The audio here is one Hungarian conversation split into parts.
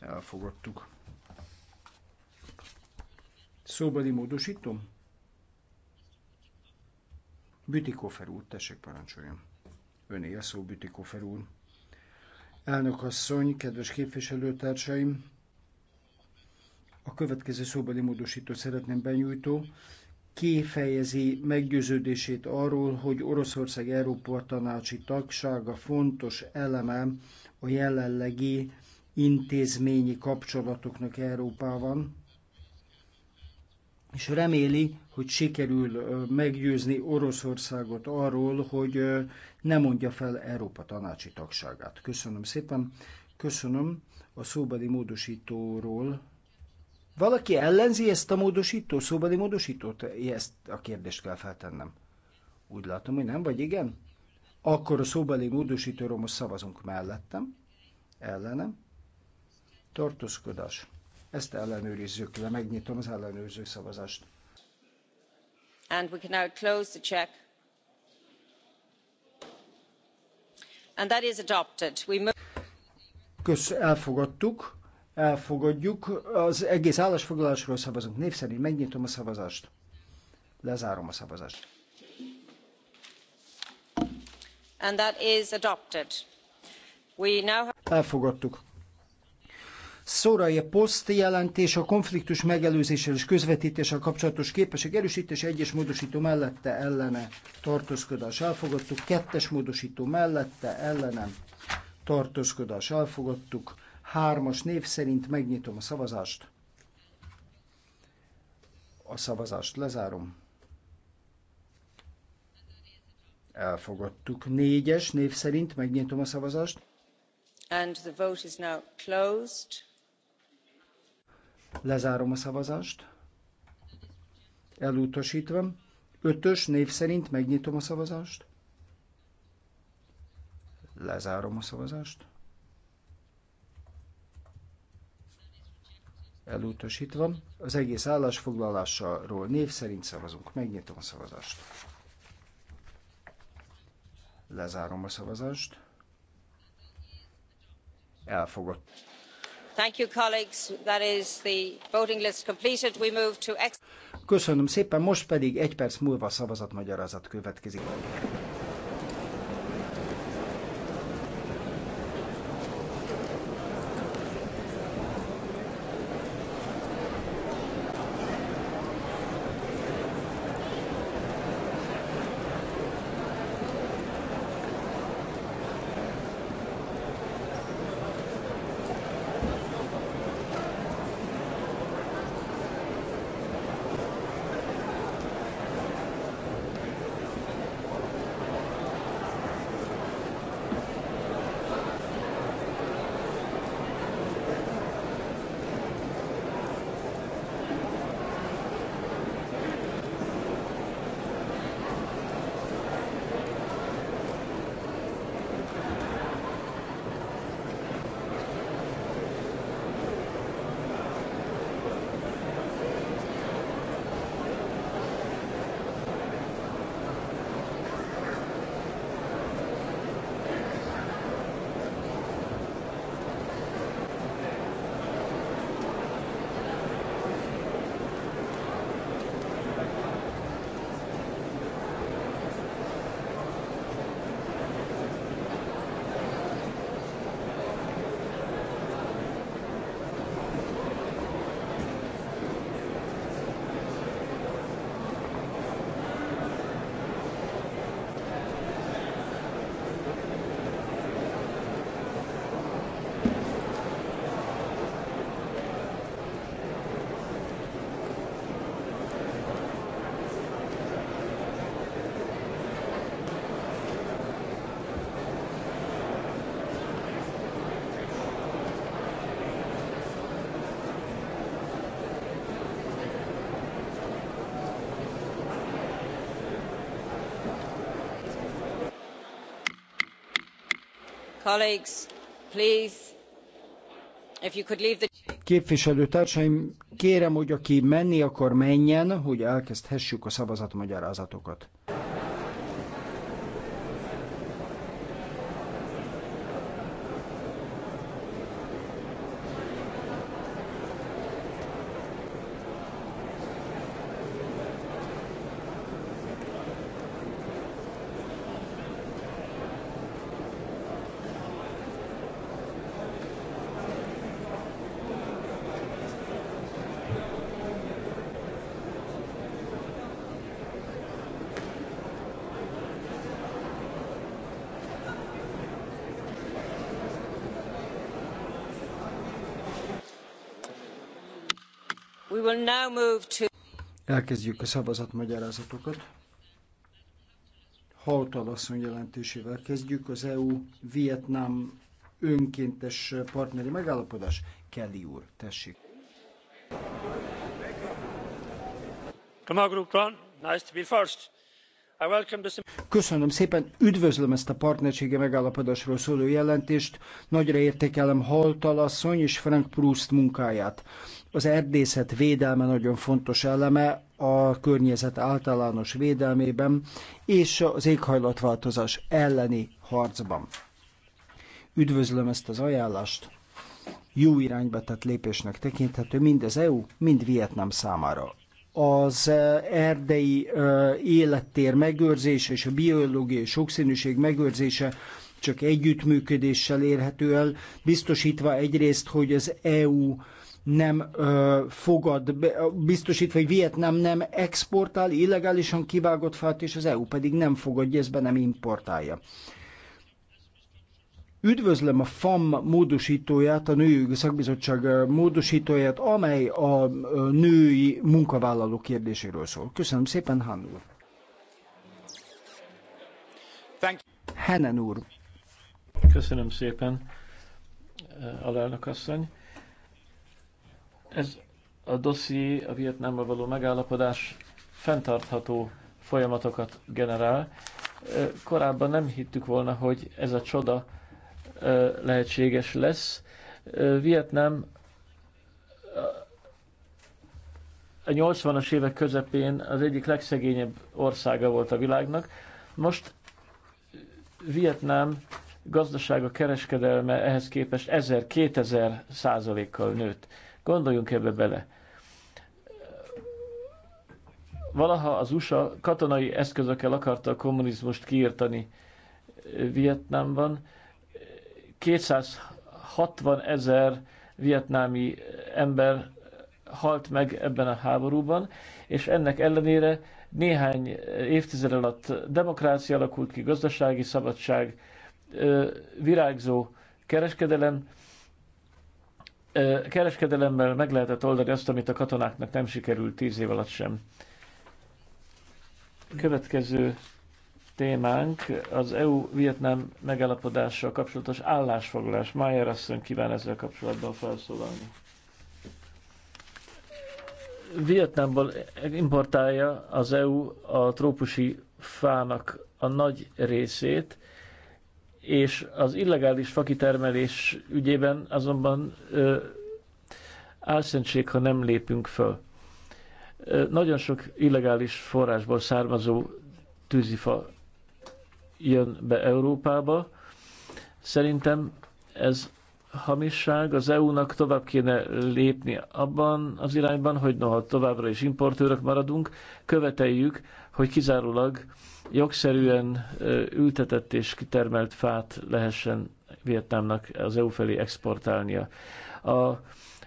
elfogadtuk. Szóbeli módosítom? Bütikofer úr, tessék parancsoljon. Öné a szó, Bütikofer úr. Elnökasszony, kedves képviselőtársaim! A következő szóbeli módosító szeretném benyújtó. Kifejezi meggyőződését arról, hogy Oroszország Európa Tanácsi tagsága fontos eleme a jelenlegi intézményi kapcsolatoknak Európában, és reméli, hogy sikerül meggyőzni Oroszországot arról, hogy ne mondja fel Európa tanácsi tagságát. Köszönöm szépen. Köszönöm a szóbeli módosítóról. Valaki ellenzi ezt a módosító, szóbeli módosítót? Ezt a kérdést kell feltennem. Úgy látom, hogy nem, vagy igen? Akkor a szóbeli módosítóról most szavazunk mellettem, ellenem, tartózkodás. Ezt ellenőrizzük le, megnyitom az ellenőrző szavazást. And we can now close the check. And that is adopted. We move... Kösz, elfogadtuk, elfogadjuk. Az egész állásfoglalásról szavazunk. Név szerint megnyitom a szavazást. Lezárom a szavazást. And that is adopted. We now have... Elfogadtuk Szorai a poszt jelentés a konfliktus megelőzéssel és közvetítéssel kapcsolatos képesség erősítése egyes módosító mellette ellene tartózkodás elfogadtuk, kettes módosító mellette ellene tartózkodás elfogadtuk, hármas név szerint megnyitom a szavazást. A szavazást lezárom. Elfogadtuk. Négyes név szerint megnyitom a szavazást. And the vote is now closed Lezárom a szavazást. Elutasítva. Ötös név szerint megnyitom a szavazást. Lezárom a szavazást. Elutasítva. Az egész állásfoglalásról név szerint szavazunk. Megnyitom a szavazást. Lezárom a szavazást. Elfogadt. Köszönöm szépen, most pedig egy perc múlva szavazatmagyarázat következik. Képviselőtársaim, kérem, hogy aki menni akar, menjen, hogy elkezdhessük a szavazatmagyarázatokat. Elkezdjük a szavazatmagyarázatokat. Hautal asszony jelentésével kezdjük. Az EU-Vietnám önkéntes partneri megállapodás. Kelly úr, tessék. Come on, group one. Nice to be first. Köszönöm szépen, üdvözlöm ezt a partnerségi megállapodásról szóló jelentést, nagyra értékelem Haltal asszony és Frank Proust munkáját. Az erdészet védelme nagyon fontos eleme a környezet általános védelmében és az éghajlatváltozás elleni harcban. Üdvözlöm ezt az ajánlást, jó irányba tett lépésnek tekinthető mind az EU, mind Vietnám számára az erdei élettér megőrzése és a biológiai sokszínűség megőrzése csak együttműködéssel érhető el, biztosítva egyrészt, hogy az EU nem ö, fogad, biztosítva, hogy Vietnám nem exportál illegálisan kivágott fát, és az EU pedig nem fogadja, ezt be nem importálja. Üdvözlöm a FAM módosítóját, a Női Szakbizottság módosítóját, amely a női munkavállaló kérdéséről szól. Köszönöm szépen, Hán úr. Henen úr. Köszönöm szépen, alelnök asszony. Ez a dosszié, a Vietnámmal való megállapodás fenntartható folyamatokat generál. Korábban nem hittük volna, hogy ez a csoda lehetséges lesz. Vietnám a 80-as évek közepén az egyik legszegényebb országa volt a világnak. Most Vietnám gazdasága, kereskedelme ehhez képest 1000-2000 százalékkal nőtt. Gondoljunk ebbe bele. Valaha az USA katonai eszközökkel akarta a kommunizmust kiirtani Vietnámban, 260 ezer vietnámi ember halt meg ebben a háborúban, és ennek ellenére néhány évtized alatt demokrácia alakult ki, gazdasági szabadság, virágzó kereskedelem, kereskedelemmel meg lehetett oldani azt, amit a katonáknak nem sikerült tíz év alatt sem. Következő témánk az EU-Vietnám megállapodással kapcsolatos állásfoglalás. Májer asszony kíván ezzel kapcsolatban felszólalni. Vietnámból importálja az EU a trópusi fának a nagy részét, és az illegális fakitermelés ügyében azonban ö, álszentség, ha nem lépünk föl. Ö, nagyon sok illegális forrásból származó tűzifa jön be Európába. Szerintem ez hamisság, az EU-nak tovább kéne lépni abban az irányban, hogy noha továbbra is importőrök maradunk, követeljük, hogy kizárólag jogszerűen ültetett és kitermelt fát lehessen Vietnámnak az EU felé exportálnia. A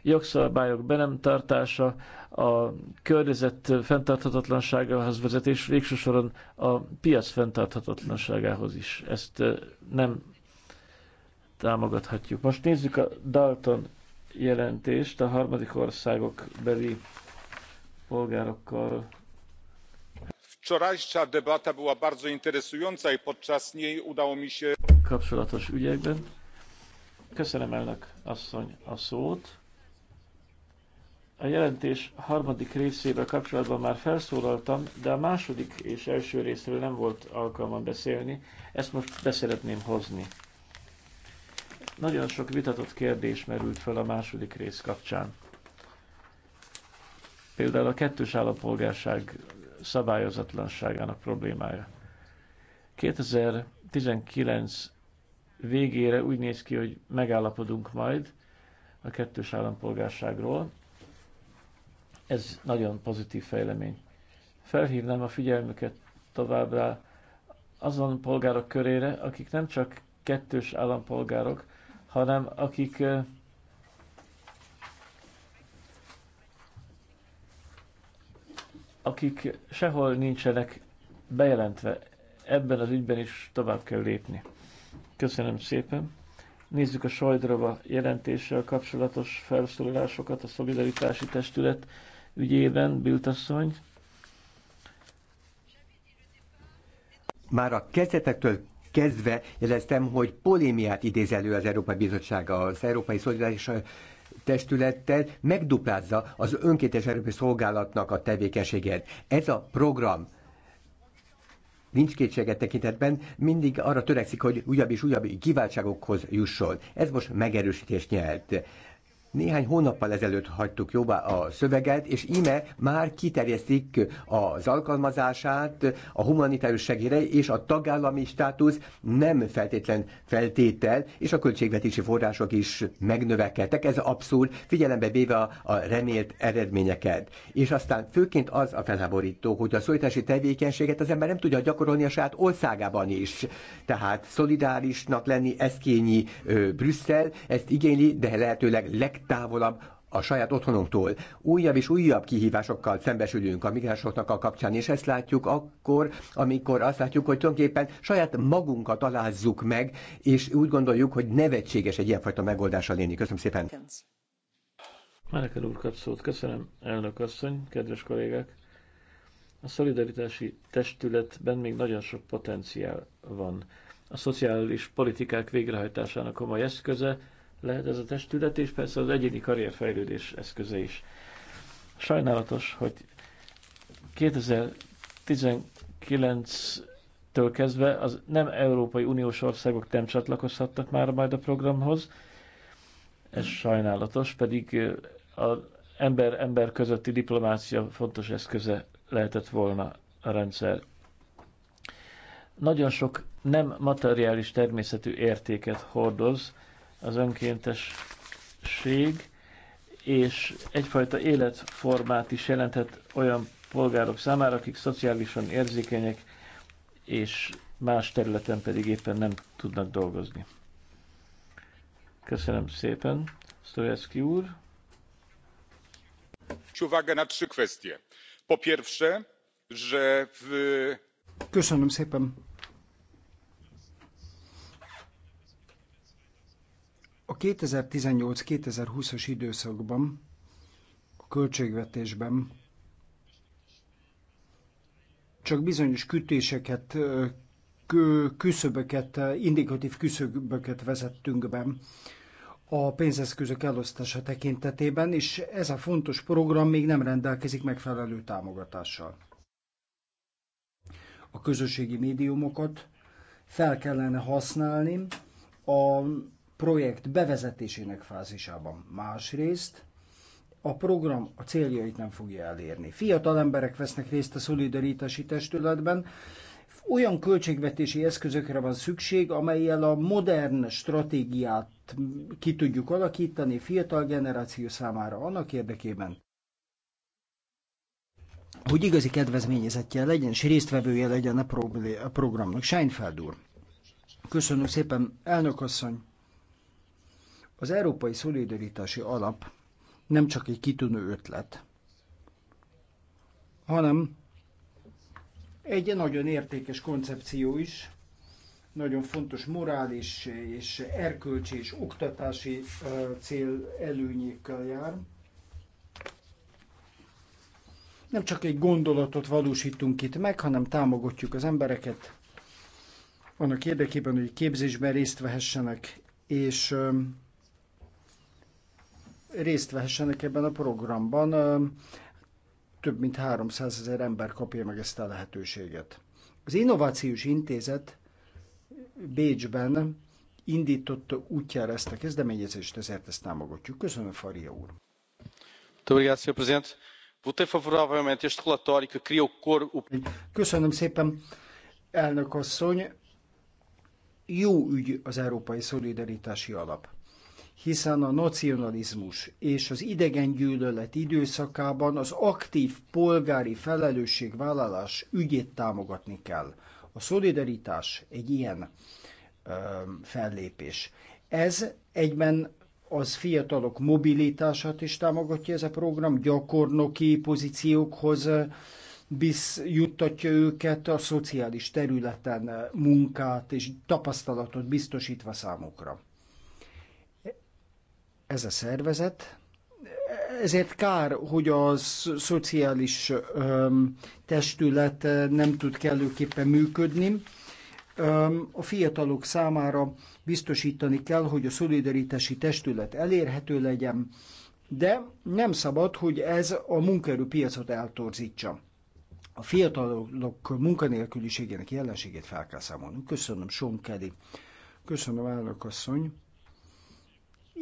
jogszabályok be nem tartása, a környezet fenntarthatatlanságához vezet, és végső soron a piac fenntarthatatlanságához is. Ezt nem támogathatjuk. Most nézzük a Dalton jelentést a harmadik országok beli polgárokkal. Wczorajsza debata była bardzo interesująca i podczas niej udało mi się... Kapcsolatos ügyekben. Köszönöm elnök asszony a szót. A jelentés harmadik részével kapcsolatban már felszólaltam, de a második és első részről nem volt alkalmam beszélni, ezt most beszeretném hozni. Nagyon sok vitatott kérdés merült fel a második rész kapcsán. Például a kettős állampolgárság szabályozatlanságának problémája. 2019 végére úgy néz ki, hogy megállapodunk majd a kettős állampolgárságról, ez nagyon pozitív fejlemény. Felhívnám a figyelmüket továbbra azon polgárok körére, akik nem csak kettős állampolgárok, hanem akik akik sehol nincsenek bejelentve. Ebben az ügyben is tovább kell lépni. Köszönöm szépen. Nézzük a Sajdrova jelentéssel kapcsolatos felszólalásokat a Szolidaritási Testület ügyében, Biltasszony. Már a kezdetektől kezdve jeleztem, hogy polémiát idéz elő az Európai Bizottság az Európai Szolidaritás testülettel megduplázza az önkéntes Európai Szolgálatnak a tevékenységet. Ez a program nincs kétséget tekintetben, mindig arra törekszik, hogy újabb és újabb kiváltságokhoz jusson. Ez most megerősítést nyert. Néhány hónappal ezelőtt hagytuk jobbá a szöveget, és íme már kiterjesztik az alkalmazását a humanitárius segére és a tagállami státusz nem feltétlen feltétel, és a költségvetési források is megnövekedtek. Ez abszurd, figyelembe véve a, a remélt eredményeket. És aztán főként az a felháborító, hogy a szolidási tevékenységet az ember nem tudja gyakorolni a saját országában is. Tehát szolidárisnak lenni, ez kényi ö, Brüsszel, ezt igényli, de lehetőleg legtöbb legtávolabb a saját otthonunktól. Újabb és újabb kihívásokkal szembesülünk a migránsoknak a kapcsán, és ezt látjuk akkor, amikor azt látjuk, hogy tulajdonképpen saját magunkat alázzuk meg, és úgy gondoljuk, hogy nevetséges egy ilyenfajta megoldással lenni. Köszönöm szépen! Merkel úr kap szót. Köszönöm, elnök asszony, kedves kollégák! A szolidaritási testületben még nagyon sok potenciál van. A szociális politikák végrehajtásának komoly eszköze, lehet ez a testület, és persze az egyéni karrierfejlődés eszköze is. Sajnálatos, hogy 2019-től kezdve az nem Európai Uniós országok nem csatlakozhattak már majd a programhoz. Ez sajnálatos, pedig az ember-ember közötti diplomácia fontos eszköze lehetett volna a rendszer. Nagyon sok nem materiális természetű értéket hordoz, az önkéntesség, és egyfajta életformát is jelenthet olyan polgárok számára, akik szociálisan érzékenyek, és más területen pedig éppen nem tudnak dolgozni. Köszönöm szépen, Sztojewski úr. Uwagę na trzy kwestie. Po pierwsze, że w... Köszönöm szépen. A 2018-2020-as időszakban a költségvetésben csak bizonyos kütéseket, küszöböket, indikatív küszöböket vezettünk be a pénzeszközök elosztása tekintetében, és ez a fontos program még nem rendelkezik megfelelő támogatással. A közösségi médiumokat fel kellene használni a projekt bevezetésének fázisában. Másrészt a program a céljait nem fogja elérni. Fiatal emberek vesznek részt a szolidaritási testületben, olyan költségvetési eszközökre van szükség, amelyel a modern stratégiát ki tudjuk alakítani fiatal generáció számára annak érdekében, hogy igazi kedvezményezettje legyen, és résztvevője legyen a, programnak. Seinfeld úr. Köszönöm szépen, elnök asszony. Az Európai Szolidaritási Alap nem csak egy kitűnő ötlet, hanem egy nagyon értékes koncepció is, nagyon fontos morális és erkölcsi és oktatási cél előnyékkel jár. Nem csak egy gondolatot valósítunk itt meg, hanem támogatjuk az embereket annak érdekében, hogy képzésben részt vehessenek, és részt vehessenek ebben a programban. Több mint 300 ezer ember kapja meg ezt a lehetőséget. Az Innovációs Intézet Bécsben indította útjára ezt a kezdeményezést, ezért ezt támogatjuk. Köszönöm, Faria úr. Köszönöm szépen, elnök asszony. Jó ügy az Európai Szolidaritási Alap hiszen a nacionalizmus és az idegen gyűlölet időszakában az aktív polgári felelősségvállalás ügyét támogatni kell. A szolidaritás egy ilyen ö, fellépés. Ez egyben az fiatalok mobilitását is támogatja ez a program, gyakornoki pozíciókhoz bisz juttatja őket a szociális területen munkát és tapasztalatot biztosítva számukra ez a szervezet. Ezért kár, hogy a szociális öm, testület nem tud kellőképpen működni. Öm, a fiatalok számára biztosítani kell, hogy a szolidaritási testület elérhető legyen, de nem szabad, hogy ez a munkaerőpiacot eltorzítsa. A fiatalok munkanélküliségének jelenségét fel kell számolni. Köszönöm, Sean Köszönöm, elnök asszony.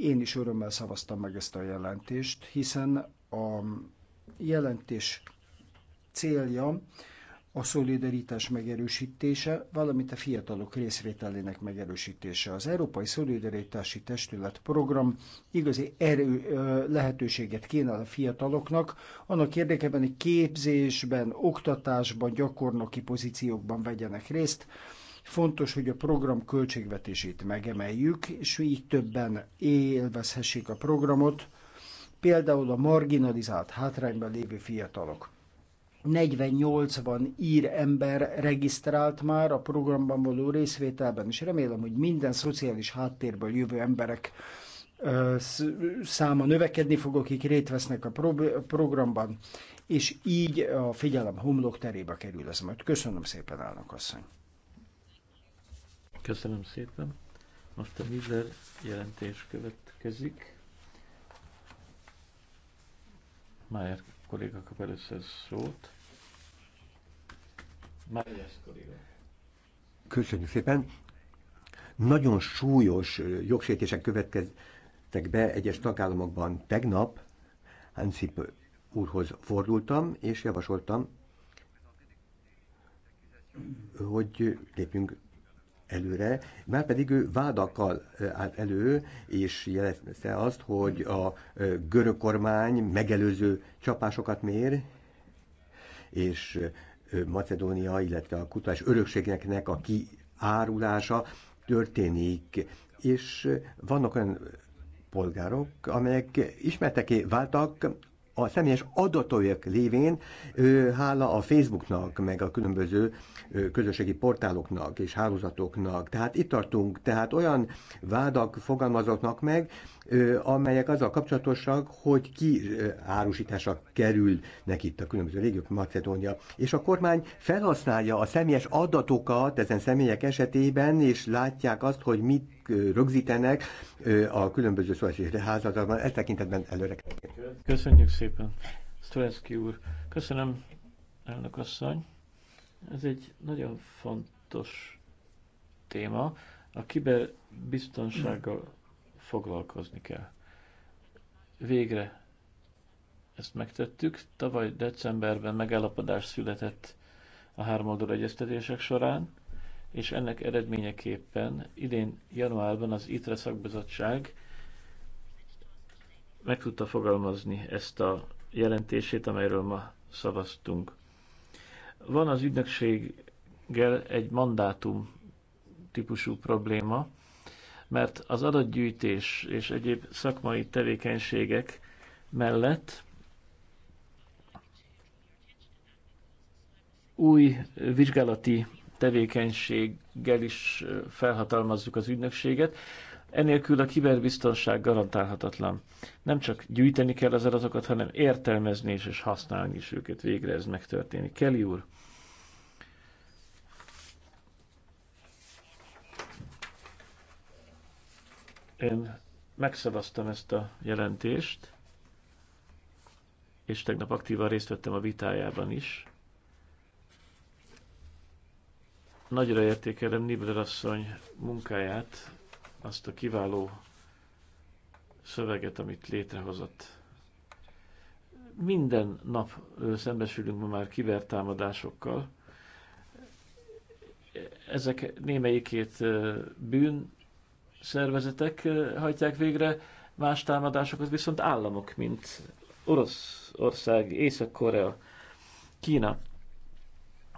Én is örömmel szavaztam meg ezt a jelentést, hiszen a jelentés célja a szolidaritás megerősítése, valamint a fiatalok részvételének megerősítése. Az Európai Szolidaritási Testület program igazi erő, lehetőséget kínál a fiataloknak, annak érdekében, hogy képzésben, oktatásban, gyakornoki pozíciókban vegyenek részt, Fontos, hogy a program költségvetését megemeljük, és így többen élvezhessék a programot, például a marginalizált hátrányban lévő fiatalok. 40-80 ír ember regisztrált már a programban való részvételben, és remélem, hogy minden szociális háttérből jövő emberek száma növekedni fog, akik rét vesznek a programban, és így a figyelem homlok terébe kerül ez majd. Köszönöm szépen, elnök asszony! Köszönöm szépen. Most a Miller jelentés következik. Májer kolléga kap először szót. Májer kolléga. Köszönjük szépen. Nagyon súlyos jogsértések következtek be egyes tagállamokban tegnap. Hansip úrhoz fordultam, és javasoltam, hogy lépjünk előre, már pedig ő vádakkal állt elő, és jelezte azt, hogy a görög kormány megelőző csapásokat mér, és Macedónia, illetve a kutatás örökségeknek a kiárulása történik. És vannak olyan polgárok, amelyek ismerteké váltak a személyes adatok lévén, hála a Facebooknak, meg a különböző közösségi portáloknak és hálózatoknak. Tehát itt tartunk, tehát olyan vádak fogalmazottnak meg, amelyek azzal kapcsolatosak, hogy ki kerül kerülnek itt a különböző régiók, Macedónia. És a kormány felhasználja a személyes adatokat ezen személyek esetében, és látják azt, hogy mit rögzítenek a különböző szolgálatási házadatban. Ezt tekintetben előre. Köszönjük szépen, Sztoleszki úr. Köszönöm, elnök asszony. Ez egy nagyon fontos téma. A kiberbiztonsággal foglalkozni kell. Végre ezt megtettük. Tavaly decemberben megállapodás született a háromoldal egyeztetések során, és ennek eredményeképpen idén januárban az ITRE szakbizottság meg tudta fogalmazni ezt a jelentését, amelyről ma szavaztunk. Van az ügynökséggel egy mandátum típusú probléma, mert az adatgyűjtés és egyéb szakmai tevékenységek mellett új vizsgálati tevékenységgel is felhatalmazzuk az ügynökséget. Enélkül a kiberbiztonság garantálhatatlan. Nem csak gyűjteni kell az adatokat, hanem értelmezni is és használni is őket. Végre ez megtörténik. Kelly úr! Én megszavaztam ezt a jelentést, és tegnap aktívan részt vettem a vitájában is. Nagyra értékelem Nibler asszony munkáját, azt a kiváló szöveget, amit létrehozott. Minden nap szembesülünk ma már kibertámadásokkal. Ezek némelyikét bűn, szervezetek eh, hajtják végre, más támadásokat viszont államok, mint Oroszország, Észak-Korea, Kína.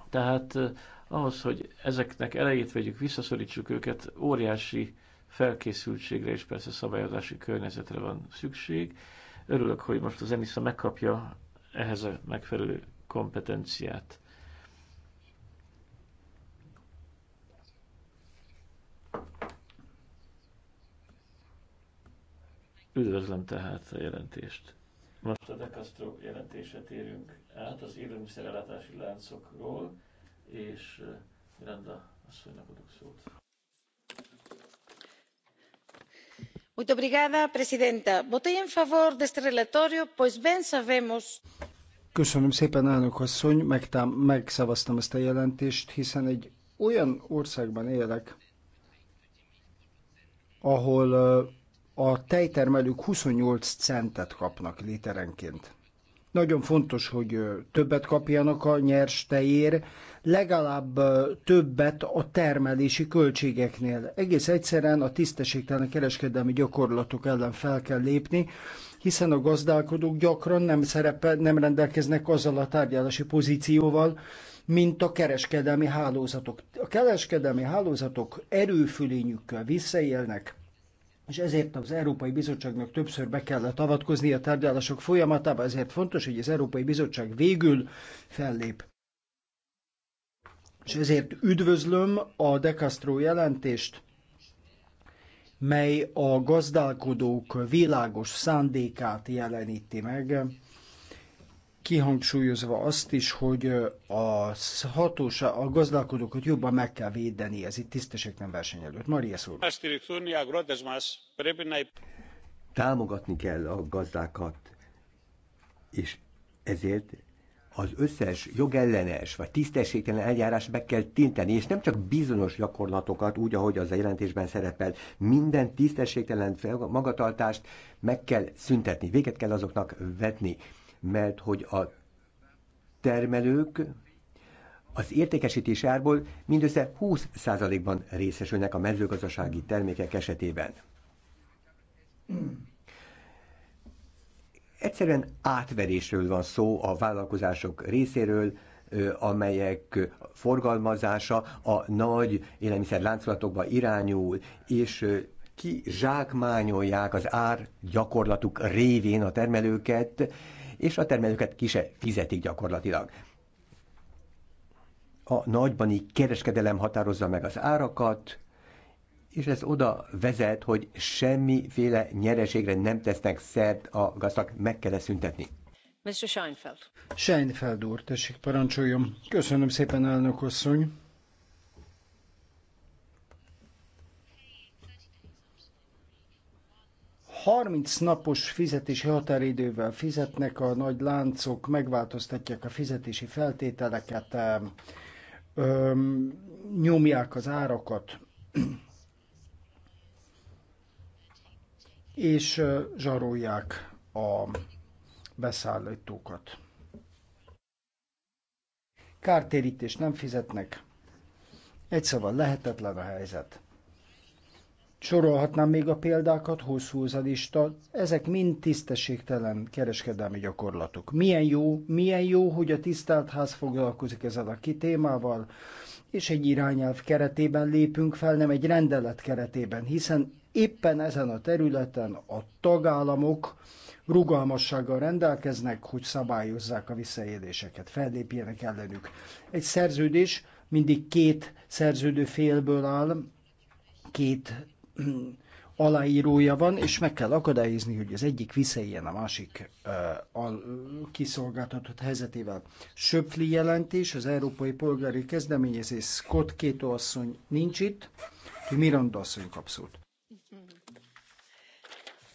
Tehát eh, ahhoz, hogy ezeknek elejét vegyük, visszaszorítsuk őket, óriási felkészültségre és persze szabályozási környezetre van szükség. Örülök, hogy most az ENISZA megkapja ehhez a megfelelő kompetenciát. Üdvözlöm tehát a jelentést. Most a Decastro Castro jelentésre térünk át az élelmiszerellátási láncokról, és Miranda asszonynak adok szót. Muito obrigada, presidenta. Votei em favor deste relatório, pois bem sabemos... Köszönöm szépen, elnök asszony, Megtám, megszavaztam ezt a jelentést, hiszen egy olyan országban élek, ahol a tejtermelők 28 centet kapnak literenként. Nagyon fontos, hogy többet kapjanak a nyers tejér, legalább többet a termelési költségeknél. Egész egyszerűen a tisztességtelen kereskedelmi gyakorlatok ellen fel kell lépni, hiszen a gazdálkodók gyakran nem, szerepe, nem rendelkeznek azzal a tárgyalási pozícióval, mint a kereskedelmi hálózatok. A kereskedelmi hálózatok erőfülényükkel visszaélnek, és ezért az Európai Bizottságnak többször be kellett avatkozni a tárgyalások folyamatába, ezért fontos, hogy az Európai Bizottság végül fellép. És ezért üdvözlöm a De Castro jelentést, mely a gazdálkodók világos szándékát jeleníti meg, kihangsúlyozva azt is, hogy a hatóság a gazdálkodókat jobban meg kell védeni, ez itt tisztességtelen verseny előtt. Maria szó. Támogatni kell a gazdákat, és ezért az összes jogellenes vagy tisztességtelen eljárás meg kell tinteni, és nem csak bizonyos gyakorlatokat, úgy, ahogy az a jelentésben szerepel, minden tisztességtelen magatartást meg kell szüntetni, véget kell azoknak vetni mert hogy a termelők az értékesítés árból mindössze 20%-ban részesülnek a mezőgazdasági termékek esetében. Egyszerűen átverésről van szó a vállalkozások részéről, amelyek forgalmazása a nagy élelmiszerláncolatokba irányul, és ki zsákmányolják az ár gyakorlatuk révén a termelőket, és a termelőket ki se fizetik gyakorlatilag. A nagybani kereskedelem határozza meg az árakat, és ez oda vezet, hogy semmiféle nyereségre nem tesznek szert a gazdag, meg kell szüntetni. Mr. Scheinfeld. Scheinfeld úr, tessék parancsoljon. Köszönöm szépen, elnök asszony. 30 napos fizetési határidővel fizetnek a nagy láncok, megváltoztatják a fizetési feltételeket, öm, nyomják az árakat, és zsarolják a beszállítókat. Kártérítést nem fizetnek, egy szóval lehetetlen a helyzet. Sorolhatnám még a példákat, hosszú az a lista, ezek mind tisztességtelen kereskedelmi gyakorlatok. Milyen jó, milyen jó, hogy a tisztelt ház foglalkozik ezzel a kitémával, és egy irányelv keretében lépünk fel, nem egy rendelet keretében, hiszen éppen ezen a területen a tagállamok rugalmassággal rendelkeznek, hogy szabályozzák a visszaéléseket, fellépjenek ellenük. Egy szerződés mindig két szerződő félből áll, két aláírója van, és meg kell akadályozni, hogy az egyik visszaéljen a másik a kiszolgáltatott helyzetével. Söpfli jelentés, az Európai Polgári Kezdeményezés Scott Kéto asszony nincs itt, Miranda asszony kap szót.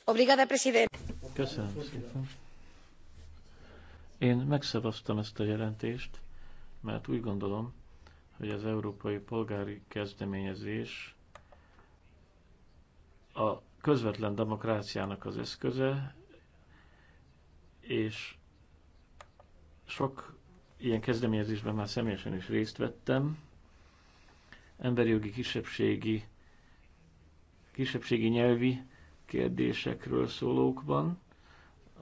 Obrigada, president. Köszönöm szépen. Én megszavaztam ezt a jelentést, mert úgy gondolom, hogy az Európai Polgári Kezdeményezés a közvetlen demokráciának az eszköze, és sok ilyen kezdeményezésben már személyesen is részt vettem. Emberi jogi kisebbségi, kisebbségi nyelvi kérdésekről szólókban,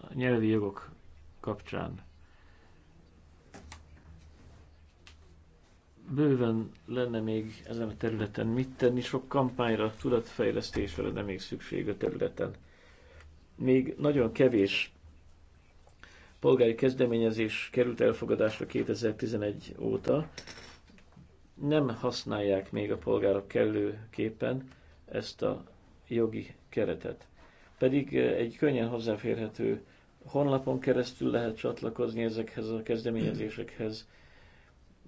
a nyelvi jogok kapcsán. bőven lenne még ezen a területen mit tenni, sok kampányra, tudatfejlesztésre lenne még szükség a területen. Még nagyon kevés polgári kezdeményezés került elfogadásra 2011 óta. Nem használják még a polgárok kellőképpen ezt a jogi keretet. Pedig eh, egy könnyen hozzáférhető honlapon keresztül lehet csatlakozni ezekhez a kezdeményezésekhez,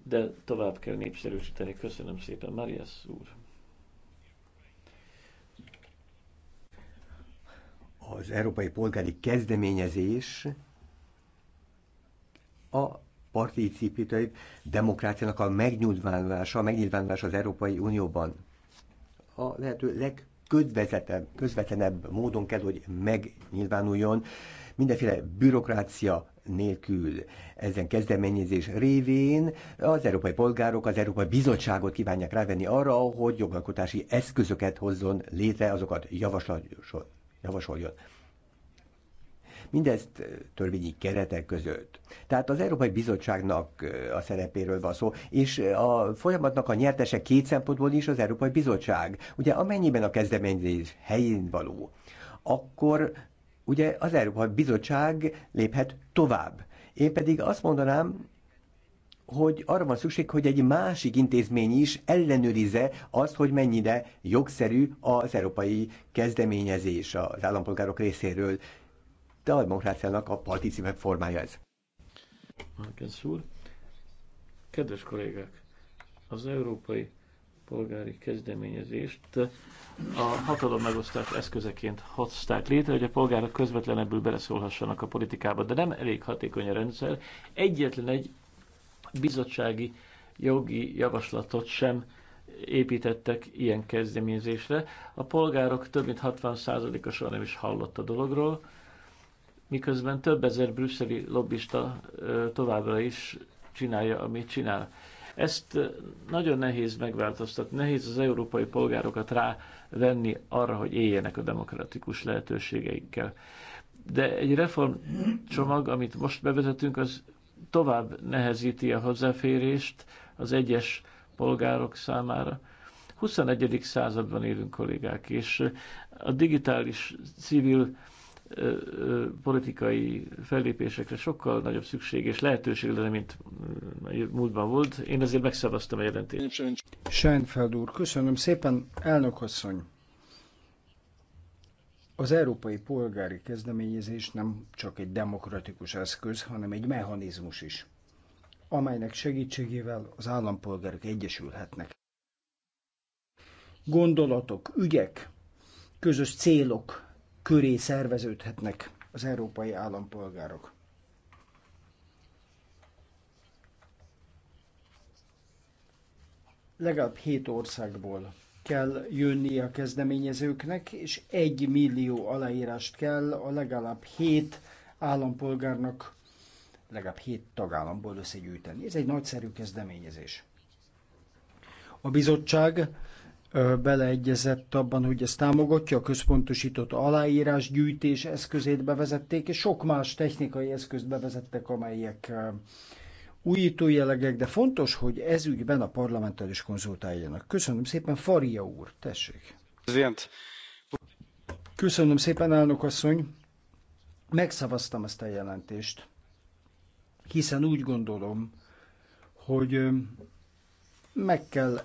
de tovább kell népszerűsíteni. Köszönöm szépen, Marias úr. Az Európai Polgári Kezdeményezés a participitai demokráciának a megnyilvánulása, a megnyilvánulása az Európai Unióban. A lehető legközvetlenebb közvetlenebb módon kell, hogy megnyilvánuljon. Mindenféle bürokrácia nélkül. Ezen kezdeményezés révén az európai polgárok az Európai Bizottságot kívánják rávenni arra, hogy jogalkotási eszközöket hozzon létre, azokat javasoljon. Mindezt törvényi keretek között. Tehát az Európai Bizottságnak a szerepéről van szó, és a folyamatnak a nyertese két szempontból is az Európai Bizottság. Ugye amennyiben a kezdeményezés helyén való, akkor ugye az Európai Bizottság léphet tovább. Én pedig azt mondanám, hogy arra van szükség, hogy egy másik intézmény is ellenőrize azt, hogy mennyire jogszerű az európai kezdeményezés az állampolgárok részéről. De a demokráciának a participek formája ez. Márkens úr, kedves kollégák, az európai polgári kezdeményezést a hatalom megosztás eszközeként hozták létre, hogy a polgárok közvetlenebbül beleszólhassanak a politikába, de nem elég hatékony a rendszer. Egyetlen egy bizottsági jogi javaslatot sem építettek ilyen kezdeményezésre. A polgárok több mint 60%-a soha nem is hallott a dologról, miközben több ezer brüsszeli lobbista továbbra is csinálja, amit csinál. Ezt nagyon nehéz megváltoztatni, nehéz az európai polgárokat rávenni arra, hogy éljenek a demokratikus lehetőségeikkel. De egy reformcsomag, amit most bevezetünk, az tovább nehezíti a hozzáférést az egyes polgárok számára. 21. században élünk kollégák, és a digitális civil politikai fellépésekre sokkal nagyobb szükség és lehetőség lenne, mint múltban volt. Én azért megszavaztam a jelentést. Seinfeld úr, köszönöm szépen, elnök asszony. Az európai polgári kezdeményezés nem csak egy demokratikus eszköz, hanem egy mechanizmus is, amelynek segítségével az állampolgárok egyesülhetnek. Gondolatok, ügyek, közös célok köré szerveződhetnek az európai állampolgárok. Legalább hét országból kell jönni a kezdeményezőknek, és egy millió aláírást kell a legalább hét állampolgárnak legalább hét tagállamból összegyűjteni. Ez egy nagyszerű kezdeményezés. A bizottság beleegyezett abban, hogy ezt támogatja, a központosított aláírásgyűjtés eszközét bevezették, és sok más technikai eszközt bevezettek, amelyek újító jellegek, de fontos, hogy ez ügyben a parlamenttel is konzultáljanak. Köszönöm szépen, Faria úr, tessék. Köszönöm szépen, elnök asszony. Megszavaztam ezt a jelentést, hiszen úgy gondolom, hogy meg kell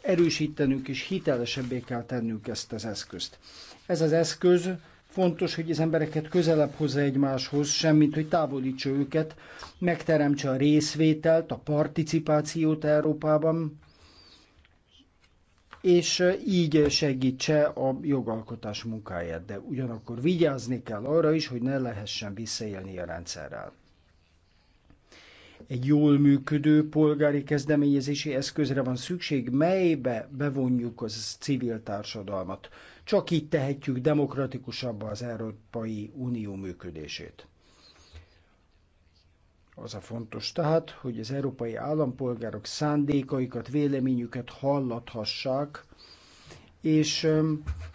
erősítenünk és hitelesebbé kell tennünk ezt az eszközt. Ez az eszköz fontos, hogy az embereket közelebb hozza egymáshoz, semmint hogy távolítsa őket, megteremtse a részvételt, a participációt Európában, és eh, így segítse a jogalkotás munkáját. De ugyanakkor vigyázni kell arra is, hogy ne lehessen visszaélni a rendszerrel. Egy jól működő polgári kezdeményezési eszközre van szükség, melybe bevonjuk az civil társadalmat. Csak így tehetjük demokratikusabbá az Európai Unió működését. Az a fontos tehát, hogy az európai állampolgárok szándékaikat, véleményüket hallathassák, és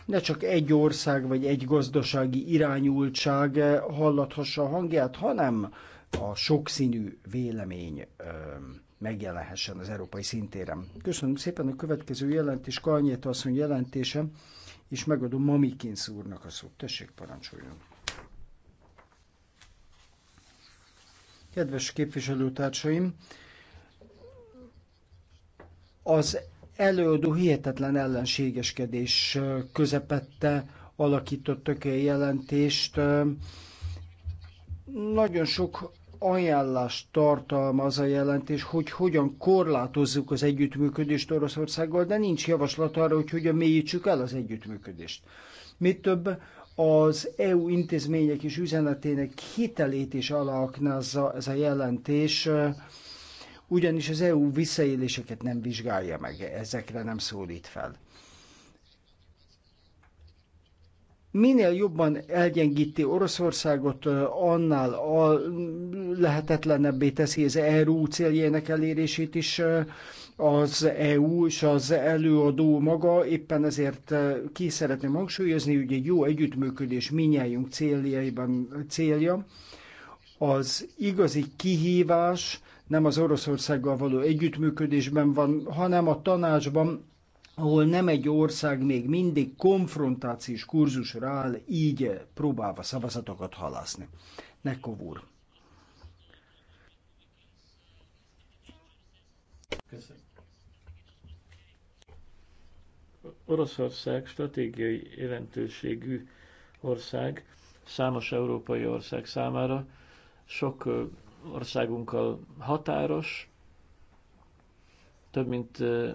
ne csak egy ország vagy egy gazdasági irányultság eh, hallathassa a hangját, hanem a sokszínű vélemény megjelenhessen az európai szintéren. Köszönöm szépen a következő jelentés, Kalnyéta asszony jelentése, és megadom Mamikinsz úrnak a szót. Tessék, parancsoljon! Kedves képviselőtársaim, az előadó hihetetlen ellenségeskedés közepette alakítottak a jelentést. Nagyon sok ajánlást tartalmaz a jelentés, hogy hogyan korlátozzuk az együttműködést Oroszországgal, de nincs javaslat arra, hogy hogyan mélyítsük el az együttműködést. Mit több, az EU intézmények és üzenetének hitelét is alaknázza ez a jelentés, ugyanis az EU visszaéléseket nem vizsgálja meg, ezekre nem szólít fel. minél jobban elgyengíti Oroszországot, annál a lehetetlenebbé teszi az EU céljének elérését is az EU és az előadó maga, éppen ezért ki szeretném hangsúlyozni, hogy egy jó együttműködés minnyájunk céljaiban célja. Az igazi kihívás nem az Oroszországgal való együttműködésben van, hanem a tanácsban ahol nem egy ország még mindig konfrontációs kurzusra áll, így eh, próbálva szavazatokat halászni. Nekov úr. Köszönöm. Oroszország stratégiai jelentőségű ország, számos európai ország számára, sok eh, országunkkal határos, több mint eh,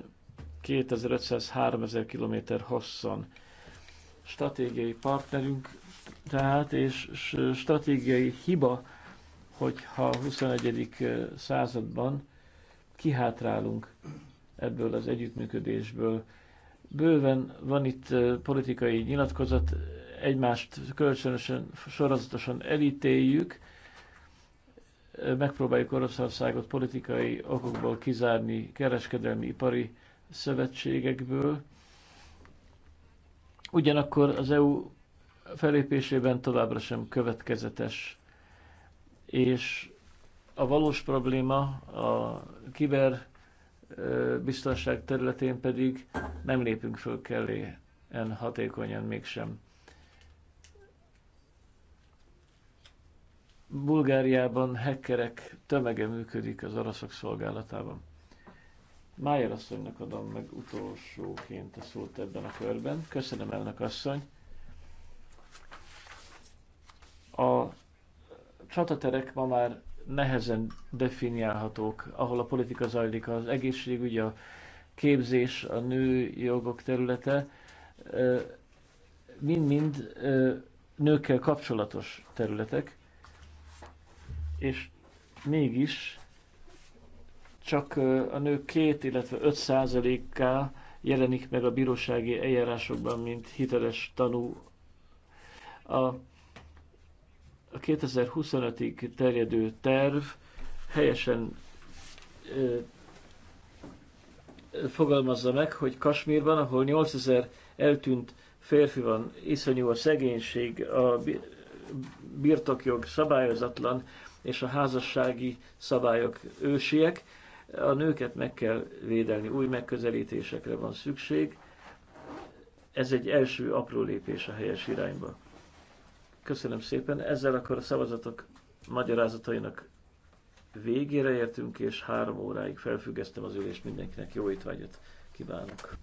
2500-3000 km hosszan. Stratégiai partnerünk tehát, és stratégiai hiba, hogyha a 21. Eh, században kihátrálunk ebből az együttműködésből. Bőven van itt eh, politikai nyilatkozat, egymást kölcsönösen, sorozatosan elítéljük, eh, megpróbáljuk Oroszországot politikai okokból kizárni, kereskedelmi, ipari szövetségekből. Ugyanakkor az EU felépésében továbbra sem következetes, és a valós probléma a kiber biztonság területén pedig nem lépünk föl kellé en hatékonyan mégsem. Bulgáriában hackerek tömege működik az oroszok szolgálatában. Májer asszonynak adom meg utolsóként a szót ebben a körben. Köszönöm, elnök asszony. A csataterek ma már nehezen definiálhatók, ahol a politika zajlik, az egészségügy, a képzés, a nőjogok területe, mind-mind nőkkel kapcsolatos területek, és mégis csak a nők két, illetve 5 százalékká jelenik meg a bírósági eljárásokban, mint hiteles tanú. A 2025-ig terjedő terv helyesen ö, fogalmazza meg, hogy Kasmírban, ahol 8000 eltűnt férfi van, iszonyú a szegénység, a birtokjog szabályozatlan, és a házassági szabályok ősiek, a nőket meg kell védelni, új megközelítésekre van szükség. Ez egy első apró lépés a helyes irányba. Köszönöm szépen. Ezzel akkor a szavazatok magyarázatainak végére értünk, és három óráig felfüggesztem az ülést mindenkinek. Jó étvágyat kívánok!